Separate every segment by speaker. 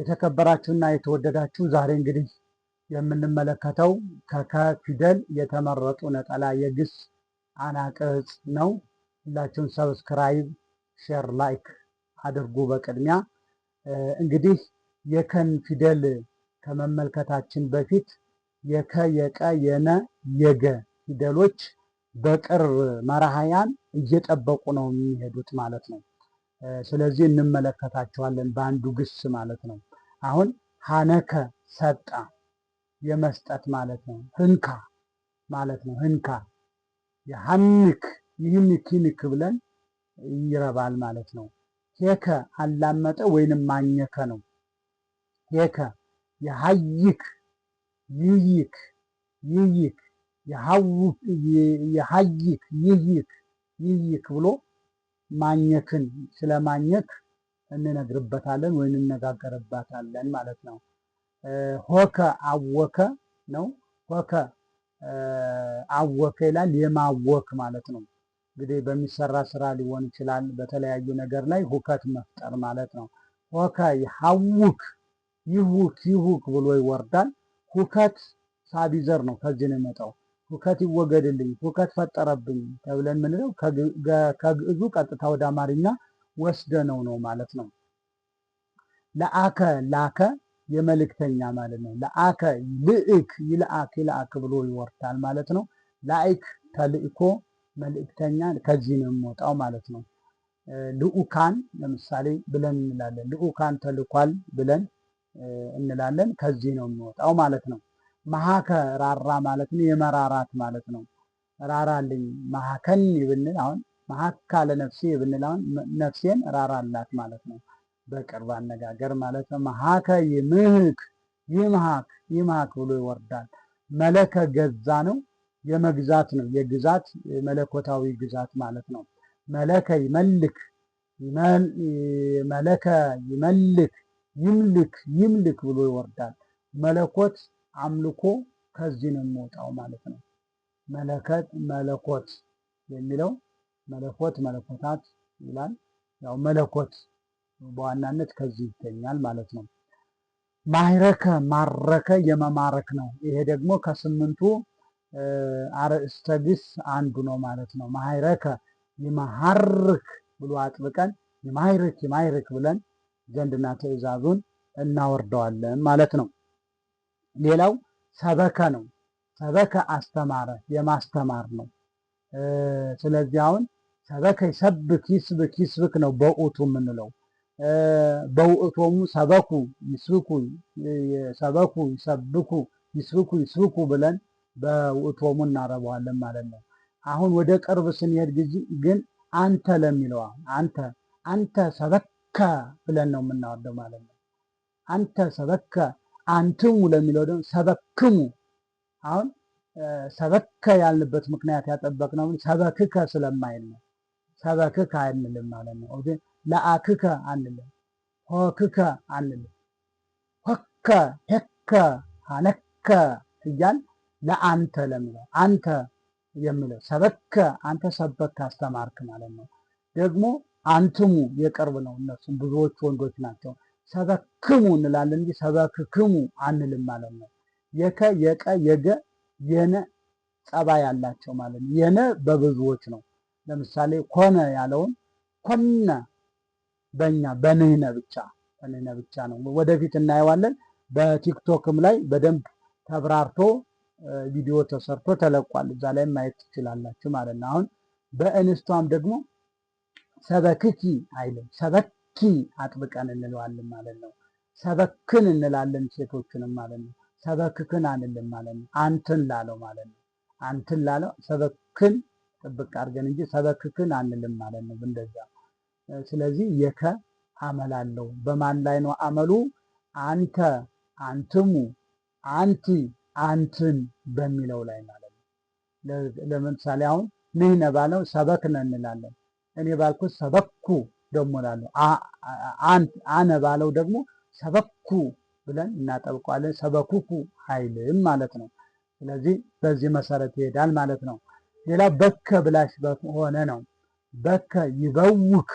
Speaker 1: የተከበራችሁና የተወደዳችሁ ዛሬ እንግዲህ የምንመለከተው ከከ ፊደል የተመረጡ ነጠላ የግስ አናቅጽ ነው። ሁላችሁን ሰብስክራይብ፣ ሼር፣ ላይክ አድርጉ። በቅድሚያ እንግዲህ የከን ፊደል ከመመልከታችን በፊት የከ፣ የቀ፣ የነ፣ የገ ፊደሎች በቅር መራሃያን እየጠበቁ ነው የሚሄዱት ማለት ነው። ስለዚህ እንመለከታቸዋለን በአንዱ ግስ ማለት ነው። አሁን ሀነከ ሰጣ የመስጠት ማለት ነው። ህንካ ማለት ነው። ህንካ የሀንክ ይህን ኪንክ ብለን ይረባል ማለት ነው። ሄከ አላመጠ ወይንም ማኘከ ነው። ሄከ የሀይክ ይይክ ይይክ የሀይክ ይይክ ይይክ ብሎ ማኘክን ስለማኘክ እንነግርበታለን ወይም እንነጋገርበታለን ማለት ነው። ሆከ አወከ ነው። ሆከ አወከ ይላል የማወክ ማለት ነው። እንግዲህ በሚሰራ ስራ ሊሆን ይችላል። በተለያዩ ነገር ላይ ሁከት መፍጠር ማለት ነው። ሆከ ሀውክ ይሁክ ይሁክ ብሎ ይወርዳል። ሁከት ሳቢዘር ነው ከዚህ ነው የመጣው። ሁከት ይወገድልኝ፣ ሁከት ፈጠረብኝ ተብለን ምንለው ከግዕዙ ቀጥታ ወደ አማርኛ ወስደነው ነው ማለት ነው። ለአከ ላከ የመልእክተኛ ማለት ነው። ለአከ ልእክ ይልአክ ይልአክ ብሎ ይወርዳል ማለት ነው። ላይክ ተልእኮ መልእክተኛ ከዚህ ነው የሚወጣው ማለት ነው። ልኡካን ለምሳሌ ብለን እንላለን። ልኡካን ተልኳል ብለን እንላለን። ከዚህ ነው የሚወጣው ማለት ነው። መሀከ ራራ ማለት ነው። የመራራት ማለት ነው። ራራልኝ መሀከኒ ብንል አሁን መሀካለ ነፍሴ ብንላን ነፍሴን ራራላት ማለት ነው። በቅርብ አነጋገር ማለት ነው። መሀከ ይምህክ ይምሃክ ይምሃክ ብሎ ይወርዳል። መለከ ገዛ ነው፣ የመግዛት ነው፣ የግዛት መለኮታዊ ግዛት ማለት ነው። መለከ ይመልክ መለከ ይመልክ ይምልክ ይምልክ ብሎ ይወርዳል። መለኮት አምልኮ ከዚህ ነው የሚወጣው ማለት ነው። መለከት መለኮት የሚለው መለኮት መለኮታት ይላል። ያው መለኮት በዋናነት ከዚህ ይገኛል ማለት ነው። ማይረከ ማረከ የመማረክ ነው። ይሄ ደግሞ ከስምንቱ አርእስተ ግስ አንዱ ነው ማለት ነው። ማይረከ ይመሃርክ ብሎ አጥብቀን ይማይርክ ይማይርክ ብለን ዘንድና ትእዛዙን እናወርደዋለን ማለት ነው። ሌላው ሰበከ ነው። ሰበከ አስተማረ፣ የማስተማር ነው። ስለዚህ አሁን ሰበከ ይሰብክ ይስብክ ይስብክ ነው በውእቱ የምንለው። በውእቶሙ ሰበኩ ይስብኩ ሰበኩ ይሰብኩ ይስብኩ ይስብኩ ብለን በውእቶሙ እናረበዋለን ማለት ነው። አሁን ወደ ቅርብ ስንሄድ ጊዜ ግን አንተ ለሚለዋ አንተ አንተ ሰበከ ብለን ነው የምናወርደው ማለት ነው። አንተ ሰበከ አንትሙ ለሚለው ደግሞ ሰበክሙ አሁን ሰበከ ያልንበት ምክንያት ያጠበቅነው ሰበክከ ስለማይል ነው። ሰበክከ አንልም ማለት ነው። ለአክከ አንልም፣ ሆክከ አንልም። ሆከ ሄከ አነከ እያል ለአንተ ለምለው አንተ የምለው ሰበከ አንተ ሰበክ አስተማርክ ማለት ነው። ደግሞ አንትሙ የቅርብ ነው። እነሱም ብዙዎቹ ወንዶች ናቸው። ሰበክሙ እንላለን እንጂ ሰበክክሙ አንልም ማለት ነው። የከ የቀ የገ የነ ጸባይ አላቸው ማለት ነው። የነ በብዙዎች ነው። ለምሳሌ ኮነ ያለውን ኮነ በእኛ በንህነ ብቻ በንህነ ብቻ ነው። ወደፊት እናየዋለን። በቲክቶክም ላይ በደንብ ተብራርቶ ቪዲዮ ተሰርቶ ተለቋል። እዛ ላይ ማየት ትችላላችሁ ማለት ነው። አሁን በእንስቷም ደግሞ ሰበክኪ አይልም፣ ሰበኪ አጥብቀን እንለዋለን ማለት ነው። ሰበክን እንላለን ሴቶችንም ማለት ነው። ሰበክክን አንልም ማለት ነው። አንትን ላለው ማለት ነው። አንትን ላለው ሰበክን ጥብቅ አድርገን እንጂ ሰበክክን አንልም ማለት ነው እንደዛ። ስለዚህ የከ አመል አለው። በማን ላይ ነው አመሉ? አንተ፣ አንትሙ፣ አንቲ፣ አንትን በሚለው ላይ ማለት ነው። ለምሳሌ አሁን ንህነ ባለው ሰበክነ እንላለን። እኔ ባልኩ ሰበኩ ደግሞ ላለሁ፣ አነ ባለው ደግሞ ሰበኩ ብለን እናጠብቀዋለን። ሰበኩኩ ኃይልም ማለት ነው። ስለዚህ በዚህ መሰረት ይሄዳል ማለት ነው። ሌላ በከ ብላሽ ሆነ ነው። በከ ይበውክ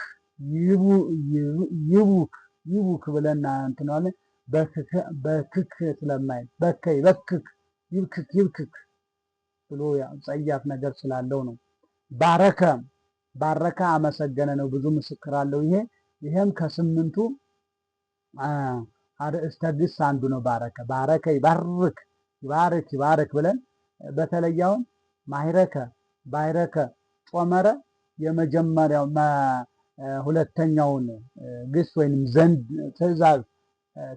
Speaker 1: ይቡክ ይቡክ ብለና እንትናለ በክክ ስለማይ በከ ይበክክ ይብክክ ይብክክ ብሎ ጸያፍ ነገር ስላለው ነው። ባረከ ባረከ አመሰገነ ነው። ብዙ ምስክር አለው። ይሄ ይሄም ከስምንቱ አርእስተ ግስ አንዱ ነው። ባረከ ባረከ ይባርክ ይባርክ ይባርክ ብለን በተለይ አሁን ማይረከ ባይረከ ጦመረ የመጀመሪያው ሁለተኛውን ግስ ወይንም ዘንድ ትእዛዝ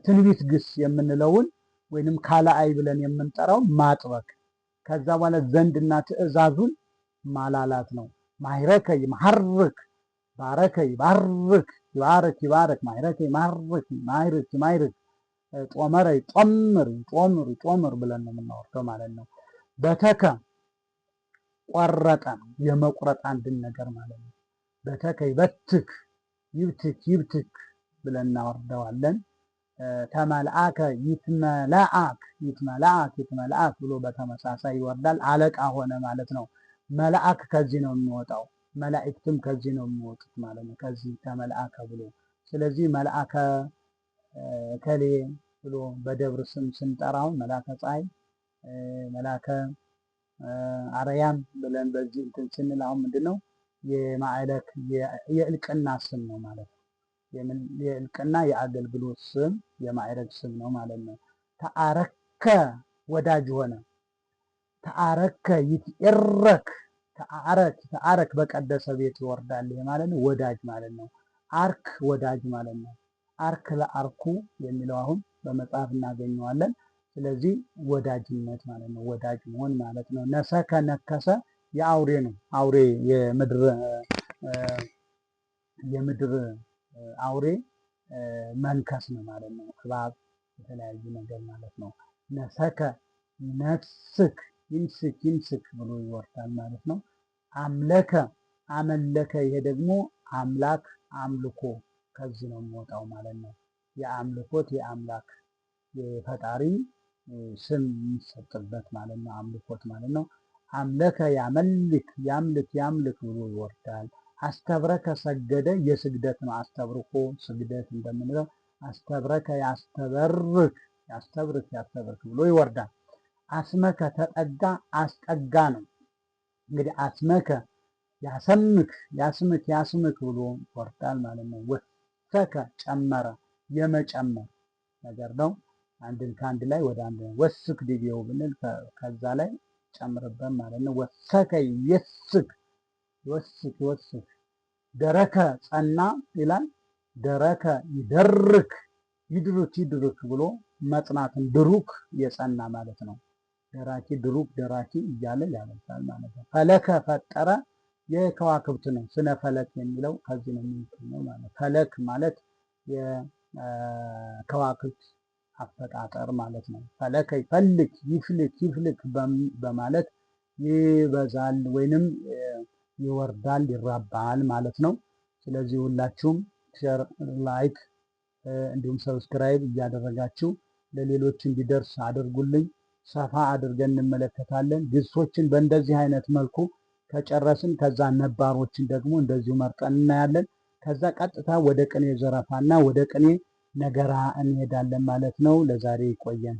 Speaker 1: ትንቢት ግስ የምንለውን ወይንም አይ ብለን የምንጠራው ማጥበክ ከዛ በኋላ ዘንድና ትእዛዙን ማላላት ነው። ማይረከ ይማርክ ባረከ ይባርክ ይባርክ ይባርክ ማይረከ ይማርክ ማይርክ ማይርክ ጦመረ ይጦምር ይጦምር ይጦምር ብለን ነው ማለት ነው። በተከ ቆረጠ ነው የመቁረጥ አንድን ነገር ማለት ነው። በተከ ይበትክ ይብትክ ይብትክ ብለን እናወርደዋለን። ተመልአከ ይትመላአክ ይትመላአክ ይትመላአክ ብሎ በተመሳሳይ ይወርዳል። አለቃ ሆነ ማለት ነው። መልአክ ከዚህ ነው የሚወጣው። መላእክትም ከዚህ ነው የሚወጡት ማለት ነው። ከዚህ ተመልአከ ብሎ ስለዚህ መልአከ ከሌ ብሎ በደብር ስም ስንጠራው መልአከ ፀሐይ መልአከ አረያም ብለን በዚህ እንትን ስንል አሁን ምንድን ነው የማዕለክ የእልቅና ስም ነው ማለት ነው። የእልቅና የአገልግሎት ስም የማዕረግ ስም ነው ማለት ነው። ተአረከ ወዳጅ ሆነ። ተአረከ ይትዕረክ ተአረክ ተአረክ በቀደሰ ቤት ይወርዳል። ይሄ ማለት ነው ወዳጅ ማለት ነው። አርክ ወዳጅ ማለት ነው። አርክ ለአርኩ የሚለው አሁን በመጽሐፍ እናገኘዋለን። ስለዚህ ወዳጅነት ማለት ነው። ወዳጅ መሆን ማለት ነው። ነሰከ ነከሰ የአውሬ ነው። አውሬ የምድር የምድር አውሬ መንከስ ነው ማለት ነው። እባብ የተለያዩ ነገር ማለት ነው። ነሰከ ነስክ ይንስክ ይንስክ ብሎ ይወርዳል ማለት ነው። አምለከ አመለከ ይሄ ደግሞ አምላክ አምልኮ ከዚህ ነው የሚወጣው ማለት ነው። የአምልኮት የአምላክ የፈጣሪ ስም የሚሰጥበት ማለት ነው። አምልኮት ማለት ነው። አምለከ ያመልክ ያምልክ ያምልክ ብሎ ይወርዳል። አስተብረከ ሰገደ የስግደት ነው። አስተብርኮ ስግደት እንደምንለው አስተብረከ ያስተበርክ ያስተብርክ ያስተብርክ ብሎ ይወርዳል። አስመከ ተጠጋ አስጠጋ ነው። እንግዲህ አስመከ ያሰምክ ያስምክ ያስምክ ብሎ ይወርዳል ማለት ነው። ወሰከ ጨመረ የመጨመር ነገር ነው። አንድን ከአንድ ላይ ወደ አንድ ወስክ ዲቪው ብንል ከዛ ላይ ጨምርበት ማለት ነው። ወሰከ የስክ ወስክ ወስክ ደረከ ጸና ይላል። ደረከ ይደርክ ይድርክ ይድርክ ብሎ መጽናትን ድሩክ የጸና ማለት ነው። ደራኪ ድሩክ ደራኪ እያለ ያመጣል ማለት ነው። ፈለከ ፈጠረ የከዋክብት ነው። ስነ ፈለክ የሚለው ከዚህ ነው የሚገኘው ማለት ፈለክ ማለት የከዋክብት አፈጣጠር ማለት ነው። ፈለከ ይፈልክ፣ ይፍልክ፣ ይፍልክ በማለት ይበዛል ወይንም ይወርዳል፣ ይራባል ማለት ነው። ስለዚህ ሁላችሁም ሸር፣ ላይክ እንዲሁም ሰብስክራይብ እያደረጋችሁ ለሌሎች እንዲደርስ አድርጉልኝ። ሰፋ አድርገን እንመለከታለን። ግሶችን በእንደዚህ አይነት መልኩ ከጨረስን ከዛ ነባሮችን ደግሞ እንደዚሁ መርጠን እናያለን። ከዛ ቀጥታ ወደ ቅኔ ዘረፋና ወደ ቅኔ ነገራ እንሄዳለን ማለት ነው። ለዛሬ ይቆየን።